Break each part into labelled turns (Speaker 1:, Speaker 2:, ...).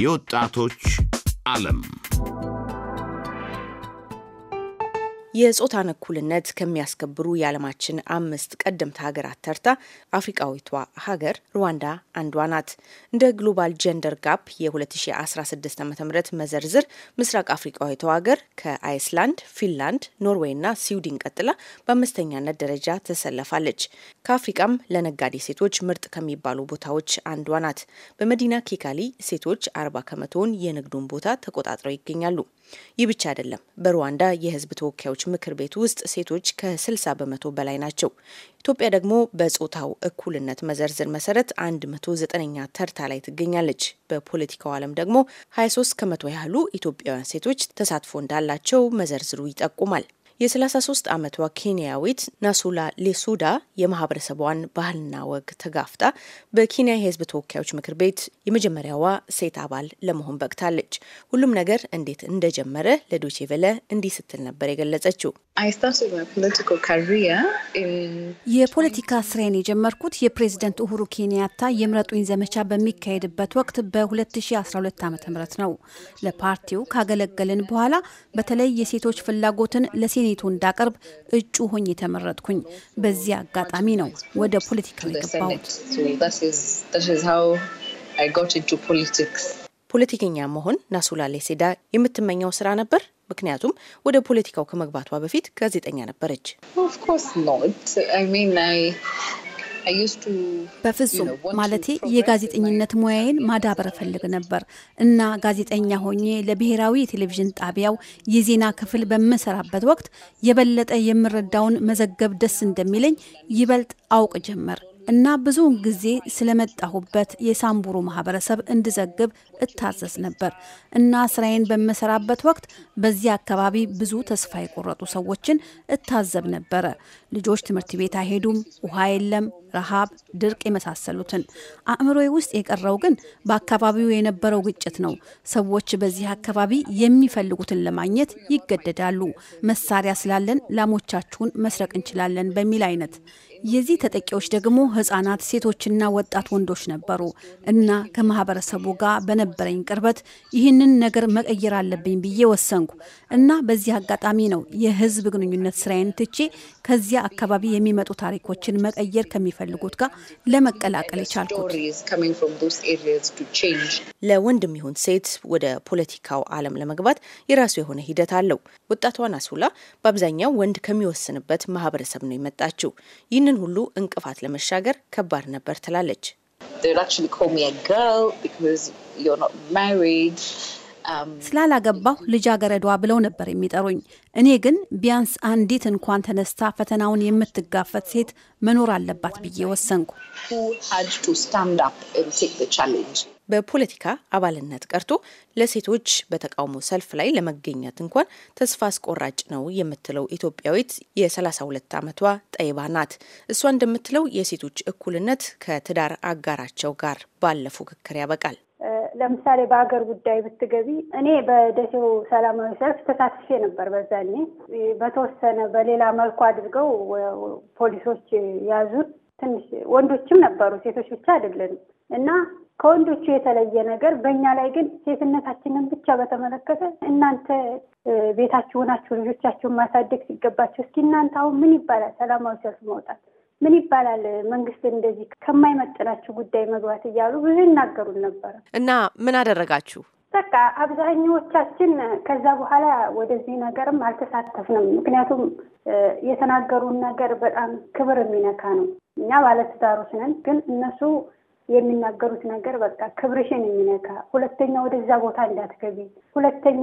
Speaker 1: የወጣቶች ዓለም
Speaker 2: የጾታን እኩልነት ከሚያስከብሩ የዓለማችን አምስት ቀደምት ሀገራት ተርታ አፍሪቃዊቷ ሀገር ሩዋንዳ አንዷ ናት። እንደ ግሎባል ጀንደር ጋፕ የ2016 ዓ ም መዘርዝር ምስራቅ አፍሪቃዊቷ ሀገር ከአይስላንድ፣ ፊንላንድ፣ ኖርዌይ እና ስዊድን ቀጥላ በአምስተኛነት ደረጃ ተሰለፋለች። ከአፍሪቃም ለነጋዴ ሴቶች ምርጥ ከሚባሉ ቦታዎች አንዷ ናት። በመዲና ኬካሊ ሴቶች 40 ከመቶውን የንግዱን ቦታ ተቆጣጥረው ይገኛሉ። ይህ ብቻ አይደለም። በሩዋንዳ የህዝብ ተወካዮች ምክር ቤት ውስጥ ሴቶች ከ60 በመቶ በላይ ናቸው። ኢትዮጵያ ደግሞ በጾታው እኩልነት መዘርዝር መሰረት 109ኛ ተርታ ላይ ትገኛለች። በፖለቲካው ዓለም ደግሞ 23 ከመቶ ያህሉ ኢትዮጵያውያን ሴቶች ተሳትፎ እንዳላቸው መዘርዝሩ ይጠቁማል። የ33 ዓመቷ ኬንያዊት ናሱላ ሌሱዳ የማህበረሰቧን ባህልና ወግ ተጋፍጣ በኬንያ የህዝብ ተወካዮች ምክር ቤት የመጀመሪያዋ ሴት አባል ለመሆን በቅታለች። ሁሉም ነገር እንዴት እንደጀመረ ለዶቼ ቬለ እንዲህ ስትል ነበር የገለጸችው።
Speaker 3: የፖለቲካ ስራዬን የጀመርኩት የፕሬዝደንት ኡሁሩ ኬንያታ የምረጡኝ ዘመቻ በሚካሄድበት ወቅት በ2012 ዓ ም ነው። ለፓርቲው ካገለገልን በኋላ በተለይ የሴቶች ፍላጎትን ለሴኔ አገሪቱ እንዳቀርብ እጩ ሆኝ የተመረጥኩኝ
Speaker 2: በዚህ አጋጣሚ ነው ወደ ፖለቲካው የገባሁት። ፖለቲከኛ መሆን ናሱላ ሌሴዳ የምትመኘው ስራ ነበር? ምክንያቱም ወደ ፖለቲካው ከመግባቷ በፊት ጋዜጠኛ ነበረች። በፍጹም ማለቴ
Speaker 3: የጋዜጠኝነት ሙያዬን ማዳበር እፈልግ ነበር እና ጋዜጠኛ ሆኜ ለብሔራዊ የቴሌቪዥን ጣቢያው የዜና ክፍል በምሰራበት ወቅት የበለጠ የምረዳውን መዘገብ ደስ እንደሚለኝ ይበልጥ አውቅ ጀመር። እና ብዙውን ጊዜ ስለመጣሁበት የሳምቡሩ ማህበረሰብ እንድዘግብ እታዘዝ ነበር እና ስራዬን በምሰራበት ወቅት በዚህ አካባቢ ብዙ ተስፋ የቆረጡ ሰዎችን እታዘብ ነበረ። ልጆች ትምህርት ቤት አይሄዱም፣ ውሃ የለም፣ ረሃብ፣ ድርቅ የመሳሰሉትን። አእምሮዬ ውስጥ የቀረው ግን በአካባቢው የነበረው ግጭት ነው። ሰዎች በዚህ አካባቢ የሚፈልጉትን ለማግኘት ይገደዳሉ። መሳሪያ ስላለን ላሞቻችሁን መስረቅ እንችላለን በሚል አይነት የዚህ ተጠቂዎች ደግሞ ህጻናት፣ ሴቶችና ወጣት ወንዶች ነበሩ እና ከማህበረሰቡ ጋር በነበረኝ ቅርበት ይህንን ነገር መቀየር አለብኝ ብዬ ወሰንኩ እና በዚህ አጋጣሚ ነው የህዝብ ግንኙነት ስራዬን ትቼ ከዚያ አካባቢ የሚመጡ ታሪኮችን መቀየር ከሚፈልጉት ጋር ለመቀላቀል የቻልኩት።
Speaker 2: ለወንድም ይሁን ሴት ወደ ፖለቲካው ዓለም ለመግባት የራሱ የሆነ ሂደት አለው። ወጣቷን አሱላ በአብዛኛው ወንድ ከሚወስንበት ማህበረሰብ ነው የመጣችው። ይህንን ሁሉ እንቅፋት ለመሻገር መናገር ከባድ ነበር ትላለች።
Speaker 3: ስላላገባሁ ልጃገረዷ ብለው ነበር የሚጠሩኝ። እኔ ግን ቢያንስ አንዲት እንኳን ተነስታ ፈተናውን የምትጋፈት ሴት መኖር አለባት ብዬ ወሰንኩ።
Speaker 2: በፖለቲካ አባልነት ቀርቶ ለሴቶች በተቃውሞ ሰልፍ ላይ ለመገኘት እንኳን ተስፋ አስቆራጭ ነው የምትለው ኢትዮጵያዊት የ32 ዓመቷ ጠይባ ናት። እሷ እንደምትለው የሴቶች እኩልነት ከትዳር አጋራቸው ጋር ባለ ፉክክር ያበቃል።
Speaker 4: ለምሳሌ በሀገር ጉዳይ ብትገቢ እኔ በደሴው ሰላማዊ ሰልፍ ተሳትፌ ነበር። በዛኔ በተወሰነ በሌላ መልኩ አድርገው ፖሊሶች ያዙት። ትንሽ ወንዶችም ነበሩ፣ ሴቶች ብቻ አይደለንም እና ከወንዶቹ የተለየ ነገር በእኛ ላይ ግን ሴትነታችንን ብቻ በተመለከተ እናንተ ቤታችሁ ሆናችሁ ልጆቻችሁን ማሳደግ ሲገባችሁ፣ እስኪ እናንተ አሁን ምን ይባላል ሰላማዊ ሰልፍ መውጣት ምን ይባላል መንግስት እንደዚህ ከማይመጥናችሁ ጉዳይ መግባት እያሉ ብዙ ይናገሩን ነበረ
Speaker 2: እና ምን አደረጋችሁ?
Speaker 4: በቃ አብዛኛዎቻችን ከዛ በኋላ ወደዚህ ነገርም አልተሳተፍንም። ምክንያቱም የተናገሩን ነገር በጣም ክብር የሚነካ ነው። እኛ ባለትዳሮች ነን፣ ግን እነሱ የሚናገሩት ነገር በቃ ክብርሽን የሚነካ ሁለተኛ ወደዛ ቦታ እንዳትገቢ፣ ሁለተኛ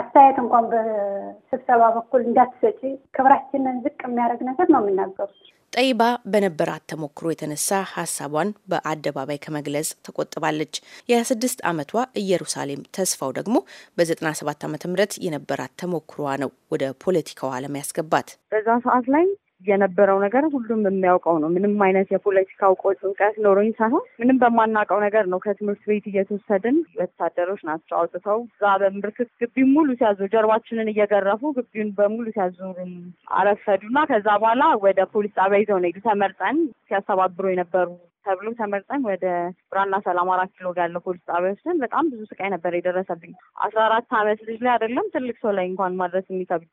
Speaker 4: አስተያየት እንኳን በስብሰባ በኩል እንዳትሰጪ፣ ክብራችንን ዝቅ የሚያደርግ ነገር ነው
Speaker 2: የሚናገሩት። ጠይባ በነበራት ተሞክሮ የተነሳ ሀሳቧን በአደባባይ ከመግለጽ ተቆጥባለች። የ26 ዓመቷ ኢየሩሳሌም ተስፋው ደግሞ በ97 ዓ ም የነበራት ተሞክሯ ነው ወደ ፖለቲካው ዓለም ያስገባት።
Speaker 5: በዛ ሰዓት ላይ የነበረው ነገር ሁሉም የሚያውቀው ነው። ምንም አይነት የፖለቲካ እውቀት እውቀት ኖሮኝ ሳይሆን ምንም በማናውቀው ነገር ነው ከትምህርት ቤት እየተወሰድን ወታደሮች ናቸው አውጥተው እዛ በምርክት ግቢውን ሙሉ ሲያዙ ጀርባችንን እየገረፉ ግቢውን በሙሉ ሲያዞሩን አረፈዱና ከዛ በኋላ ወደ ፖሊስ ጣቢያ ይዘው ነው ተመርጠን ሲያስተባብሩ የነበሩ ተብሎ ተመርጠን ወደ ብራና ሰላም አራት ኪሎ ያለው ፖሊስ ጣቢያ በጣም ብዙ ስቃይ ነበር የደረሰብኝ። አስራ አራት አመት ልጅ ላይ አይደለም ትልቅ ሰው ላይ እንኳን ማድረስ የሚከብድ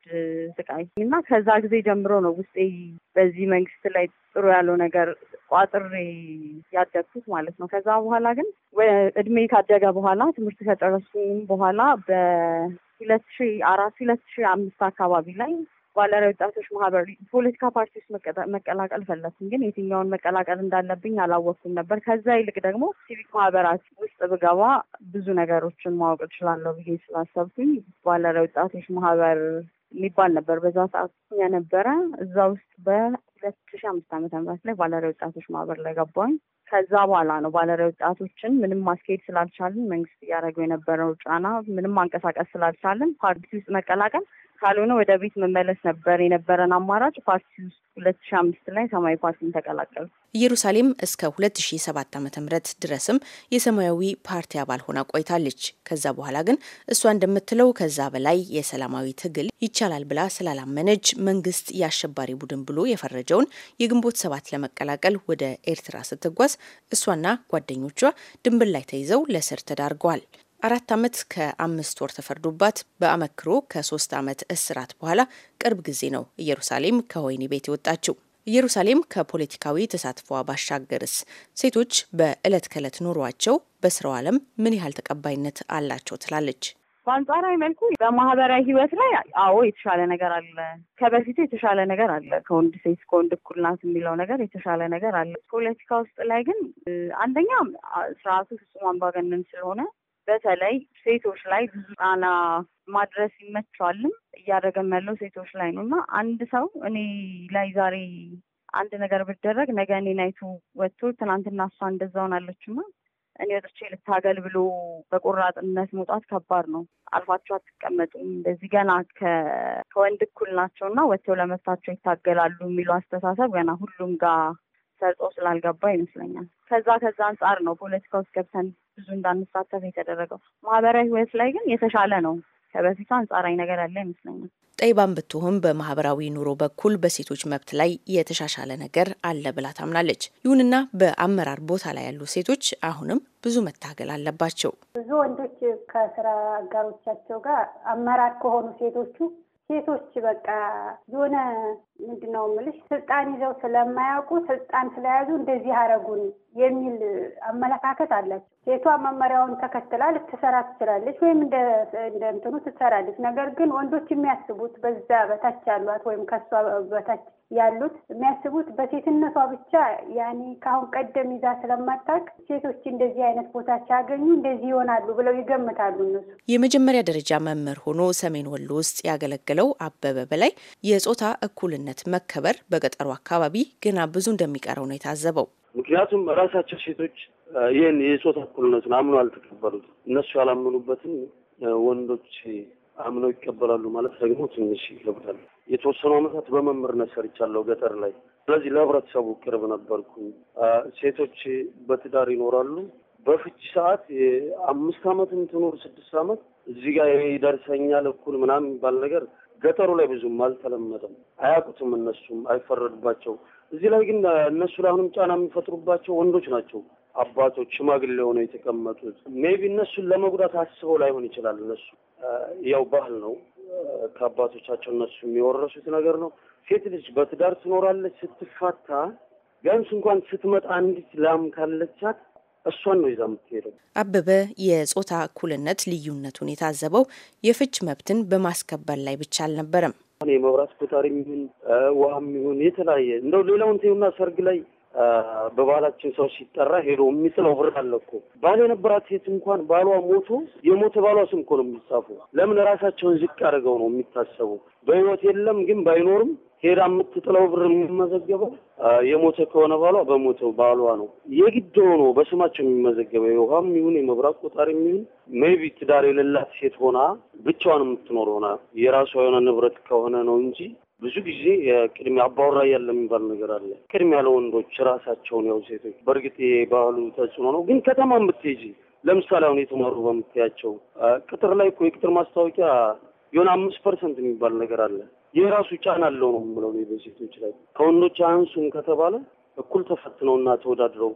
Speaker 5: ስቃይ እና ከዛ ጊዜ ጀምሮ ነው ውስጤ በዚህ መንግስት ላይ ጥሩ ያለው ነገር ቋጥሬ ያደግኩት ማለት ነው። ከዛ በኋላ ግን እድሜ ካደገ በኋላ ትምህርት ከጨረስኩም በኋላ በሁለት ሺ አራት ሁለት ሺ አምስት አካባቢ ላይ ባለራዕይ ወጣቶች ማህበር ፖለቲካ ፓርቲ ውስጥ መቀላቀል ፈለኩኝ፣ ግን የትኛውን መቀላቀል እንዳለብኝ አላወቅኩም ነበር። ከዛ ይልቅ ደግሞ ሲቪክ ማህበራት ውስጥ ብገባ ብዙ ነገሮችን ማወቅ እችላለሁ ብዬ ስላሰብኩኝ ባለራዕይ ወጣቶች ማህበር የሚባል ነበር በዛ ሰዓት የነበረ እዛ ውስጥ በሁለት ሺ አምስት ዓመተ ምህረት ላይ ባለራዕይ ወጣቶች ማህበር ላይ ገባኝ። ከዛ በኋላ ነው ባለራዕይ ወጣቶችን ምንም ማስኬድ ስላልቻልን መንግስት እያደረገው የነበረው ጫና ምንም ማንቀሳቀስ ስላልቻልን ፓርቲ ውስጥ መቀላቀል ካልሆነ ወደ ቤት መመለስ ነበር የነበረን አማራጭ። ፓርቲ ውስጥ ሁለት
Speaker 2: ሺ አምስት ላይ ሰማያዊ ፓርቲን ተቀላቀሉ። ኢየሩሳሌም እስከ ሁለት ሺ ሰባት ድረስም የሰማያዊ ፓርቲ አባል ሆና ቆይታለች። ከዛ በኋላ ግን እሷ እንደምትለው ከዛ በላይ የሰላማዊ ትግል ይቻላል ብላ ስላላመነች መንግስት የአሸባሪ ቡድን ብሎ የፈረጀውን የግንቦት ሰባት ለመቀላቀል ወደ ኤርትራ ስትጓዝ እሷና ጓደኞቿ ድንብን ላይ ተይዘው ለስር ተዳርገዋል። አራት ዓመት ከአምስት ወር ተፈርዶባት በአመክሮ ከሶስት ዓመት እስራት በኋላ ቅርብ ጊዜ ነው ኢየሩሳሌም ከወህኒ ቤት የወጣችው። ኢየሩሳሌም ከፖለቲካዊ ተሳትፏ ባሻገርስ ሴቶች በዕለት ከዕለት ኑሯቸው በስራው ዓለም ምን ያህል ተቀባይነት አላቸው ትላለች?
Speaker 5: በአንጻራዊ መልኩ በማህበራዊ ህይወት ላይ አዎ የተሻለ ነገር አለ። ከበፊቱ የተሻለ ነገር አለ። ከወንድ ሴት ከወንድ እኩል ናት የሚለው ነገር የተሻለ ነገር አለ። ፖለቲካ ውስጥ ላይ ግን አንደኛ ስርዓቱ ፍጹም አምባገነን ስለሆነ በተለይ ሴቶች ላይ ብዙ ጫና ማድረስ ይመቸዋልም እያደረገም ያለው ሴቶች ላይ ነው እና አንድ ሰው እኔ ላይ ዛሬ አንድ ነገር ብደረግ ነገ እኔ ናይቱ ወጥቶ ትናንትና እሷ እንደዛ ሆናለችማ እኔ ወጥቼ ልታገል ብሎ በቆራጥነት መውጣት ከባድ ነው። አልፋቸው አትቀመጡም፣ እንደዚህ ገና ከወንድ እኩል ናቸው እና ወጥተው ለመብታቸው ይታገላሉ የሚለው አስተሳሰብ ገና ሁሉም ጋር ሰርጦ ስላልገባ ይመስለኛል። ከዛ ከዛ አንጻር ነው ፖለቲካ ውስጥ ገብተን ብዙ እንዳንሳተፍ የተደረገው። ማህበራዊ ህይወት ላይ ግን የተሻለ ነው። ከበፊቱ አንጻራዊ ነገር አለ ይመስለኛል።
Speaker 2: ጠይባን ብትሆን በማህበራዊ ኑሮ በኩል በሴቶች መብት ላይ የተሻሻለ ነገር አለ ብላ ታምናለች። ይሁንና በአመራር ቦታ ላይ ያሉ ሴቶች አሁንም ብዙ መታገል አለባቸው።
Speaker 4: ብዙ ወንዶች ከስራ አጋሮቻቸው ጋር አመራር ከሆኑ ሴቶቹ ሴቶች በቃ የሆነ ምንድነው የምልሽ ስልጣን ይዘው ስለማያውቁ ስልጣን ስለያዙ እንደዚህ አረጉን የሚል አመለካከት አላቸው። ሴቷ መመሪያውን ተከትላ ልትሰራ ትችላለች፣ ወይም እንደ እንትኑ ትሰራለች። ነገር ግን ወንዶች የሚያስቡት በዛ በታች ያሏት ወይም ከሷ በታች ያሉት የሚያስቡት በሴትነቷ ብቻ ያኔ ከአሁን ቀደም ይዛ ስለማታውቅ ሴቶች እንደዚህ አይነት ቦታ ሲያገኙ እንደዚህ ይሆናሉ ብለው ይገምታሉ እነሱ።
Speaker 2: የመጀመሪያ ደረጃ መምህር ሆኖ ሰሜን ወሎ ውስጥ ያገለገለው አበበ በላይ የጾታ እኩልነት እኩልነት መከበር በገጠሩ አካባቢ ገና ብዙ እንደሚቀረው ነው የታዘበው።
Speaker 1: ምክንያቱም ራሳቸው ሴቶች ይህን የጾታ እኩልነቱን አምኖ አልተቀበሉት። እነሱ ያላመኑበትን ወንዶች አምነው ይቀበላሉ ማለት ደግሞ ትንሽ ይገብታል። የተወሰኑ ዓመታት በመምህርነት ሰርቻለሁ ገጠር ላይ።
Speaker 2: ስለዚህ ለህብረተሰቡ
Speaker 1: ቅርብ ነበርኩ። ሴቶች በትዳር ይኖራሉ። በፍች ሰዓት አምስት ዓመት ትኖር ስድስት ዓመት እዚህ ጋር ይደርሰኛል እኩል ምናምን የሚባል ነገር ገጠሩ ላይ ብዙም አልተለመደም። አያውቁትም፣ እነሱም አይፈረድባቸው። እዚህ ላይ ግን እነሱ ላይ አሁንም ጫና የሚፈጥሩባቸው ወንዶች ናቸው። አባቶች ሽማግሌ ሆነው የተቀመጡት ሜቢ እነሱን ለመጉዳት አስበው ላይሆን ይችላል። እነሱ ያው ባህል ነው ከአባቶቻቸው እነሱ የሚወረሱት ነገር ነው። ሴት ልጅ በትዳር ትኖራለች። ስትፋታ ቢያንስ እንኳን ስትመጣ አንዲት ላም ካለቻት እሷን ነው ይዛ የምትሄደው።
Speaker 2: አበበ የጾታ እኩልነት ልዩነቱን የታዘበው የፍች መብትን በማስከበር ላይ ብቻ አልነበረም።
Speaker 1: የመብራት ቆጣሪ የሚሆን ውሃም ይሁን የተለያየ እንደው ሌላውን ተዩና ሰርግ ላይ በባህላችን ሰው ሲጠራ ሄዶ የሚጥለው ብር አለ እኮ ባል የነበራት ሴት እንኳን ባሏ ሞቶ የሞተ ባሏ ስም እኮ ነው የሚጻፉ። ለምን ራሳቸውን ዝቅ አድርገው ነው የሚታሰቡ? በህይወት የለም ግን ባይኖርም ሄዳ የምትጥለው ብር የሚመዘገበው የሞተ ከሆነ ባሏ በሞተው ባሏ ነው። የግድ ሆኖ በስማቸው የሚመዘገበው የውሃም ይሁን የመብራት ቆጣሪ የሚሆን ሜቢ ትዳር የሌላት ሴት ሆና ብቻዋን የምትኖር ሆና የራሷ የሆነ ንብረት ከሆነ ነው እንጂ ብዙ ጊዜ ቅድሚያ አባወራ ያለ የሚባል ነገር አለ። ቅድሚያ ለወንዶች ራሳቸውን ያው ሴቶች በእርግጥ ባህሉ ተጽዕኖ ነው። ግን ከተማ የምትሄጂ ለምሳሌ አሁን የተማሩ በምትያቸው ቅጥር ላይ እኮ የቅጥር ማስታወቂያ የሆነ አምስት ፐርሰንት የሚባል ነገር አለ የራሱ ጫና አለው ነው የምለው በሴቶች ላይ ከወንዶች አንሱን ከተባለ እኩል ተፈትነውና ተወዳድረው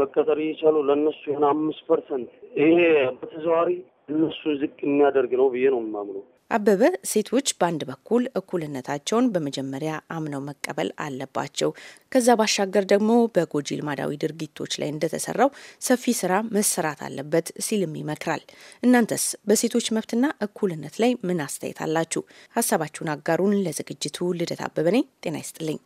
Speaker 1: መቀጠር እየቻሉ ለእነሱ የሆነ አምስት ፐርሰንት ይሄ በተዘዋዋሪ እነሱን ዝቅ የሚያደርግ ነው ብዬ ነው የማምነው።
Speaker 2: አበበ ሴቶች በአንድ በኩል እኩልነታቸውን በመጀመሪያ አምነው መቀበል አለባቸው፣ ከዛ ባሻገር ደግሞ በጎጂ ልማዳዊ ድርጊቶች ላይ እንደተሰራው ሰፊ ስራ መሰራት አለበት ሲልም ይመክራል። እናንተስ በሴቶች መብትና እኩልነት ላይ ምን አስተያየት አላችሁ? ሀሳባችሁን አጋሩን። ለዝግጅቱ ልደት አበበ ነኝ። ጤና ይስጥልኝ።